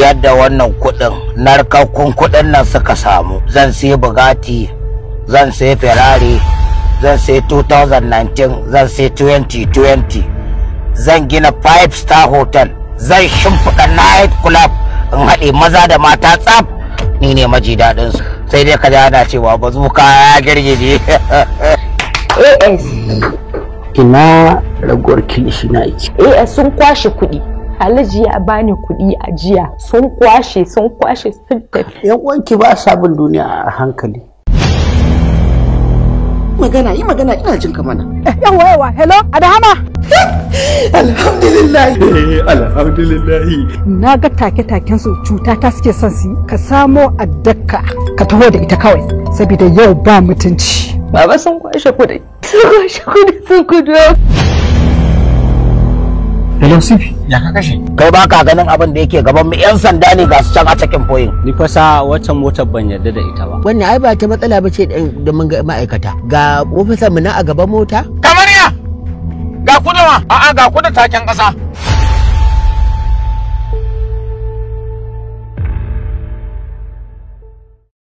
yadda wannan kuɗin narkakkun kuɗin nan suka samu zan sai bugatti zan sai ferrari zan sai 2019 zan sai 2020 zan gina five star hotel zan shimfiɗa night club in haɗe maza da mata tsaf ni ne maji daɗin su sai dai ka ana cewa ba zuka ya girgije as ina raguwar shi na iki as sun kwashe kuɗi alhaji ya bani kuɗi a jiya sun kwashe sun kwashe sun tafi yan uwanki ba sabon duniya a hankali magana yi magana ina jin ka mana eh, yan wayewa hello adahama alhamdulillah eh, alhamdulillah na ga take-taken su cuta ta suke son su ka samo addaka ka taho da ita kawai saboda yau ba mutunci baba sun kwashe kuɗi sun kwashe kuɗi sun kudu Philosophy ya ka kashe. Kai ba ka ganin abin da yake gaban mu 'yan sanda ne ga su can a cikin foyin. Ni fa sa wancan motar ban yarda da ita ba. Wannan ai ba ta matsala ba ce da mun ga ma'aikata. Ga ofisar mu na a gaban mota? Kamar ya. Ga kudawa. A'a ga kuda taken ƙasa.